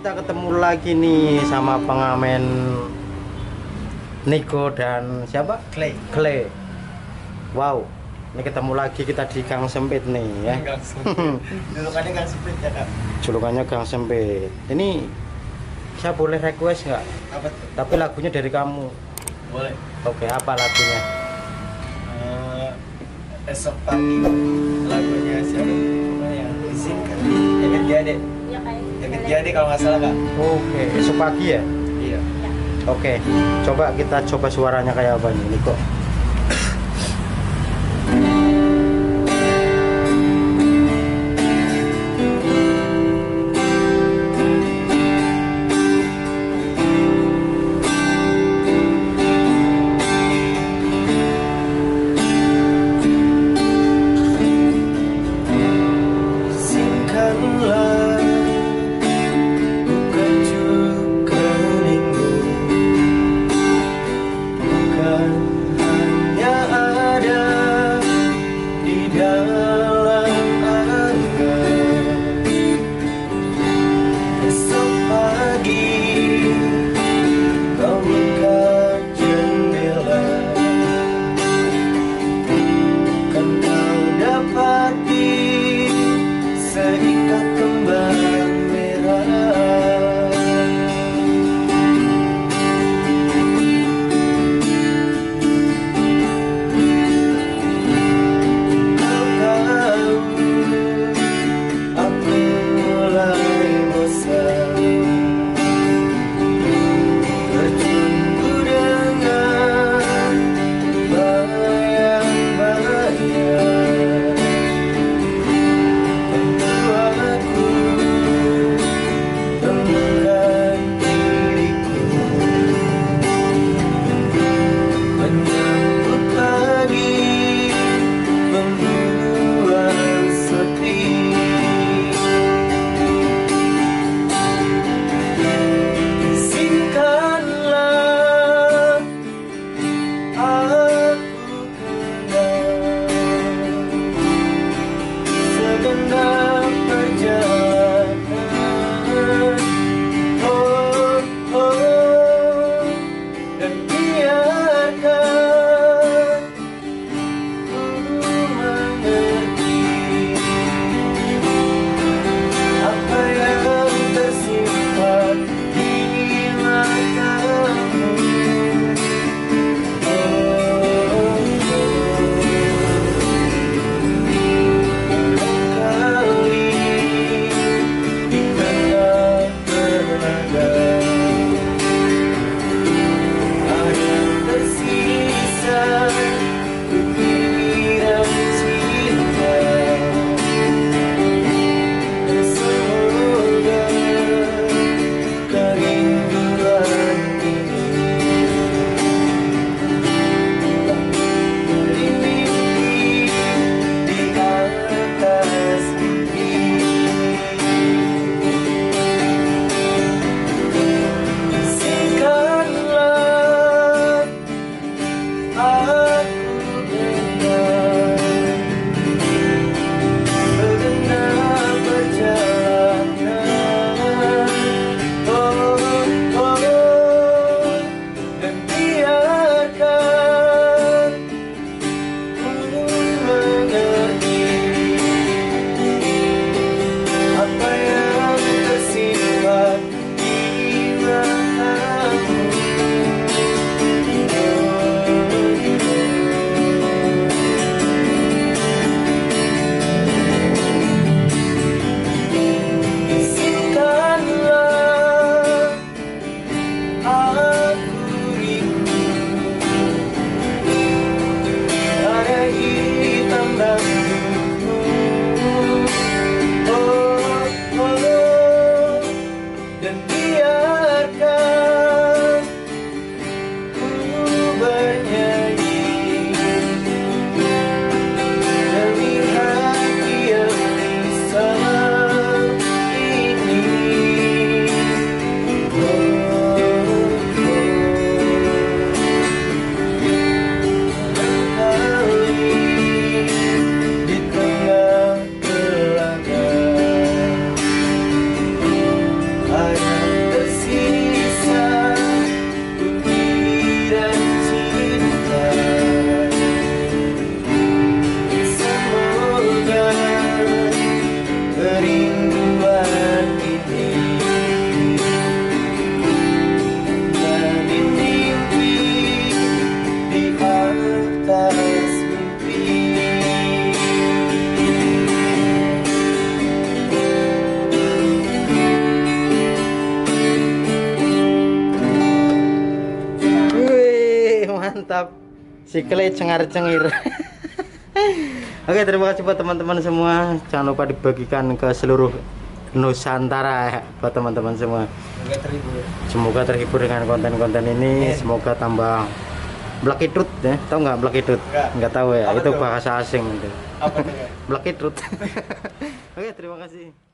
kita ketemu lagi nih sama pengamen Niko dan siapa? Clay. Clay. Wow. Ini ketemu lagi kita di gang sempit nih ya. Gang sempit. Julukannya gang sempit ya kak. Julukannya gang sempit. Ini saya boleh request nggak? Apa? Tapi lagunya dari kamu. Boleh. Oke, apa lagunya? Uh, esok pagi lagunya siapa? Yang izinkan. Ingat dia deh. Iya Didit Jadi kalau nggak salah kak. Oke, okay. besok pagi ya. Iya. Oke, okay. coba kita coba suaranya kayak apa nih, Niko. mantap sikle cengar-cengir Oke terima kasih buat teman-teman semua Jangan lupa dibagikan ke seluruh Nusantara ya, buat teman-teman semua Semoga terhibur Semoga terhibur dengan konten-konten ini yeah. Semoga tambah Blakidrut ya, tau nggak Blakidrut? Nggak tahu ya, Apa itu, bahasa asing itu. Apa itu? Oke terima kasih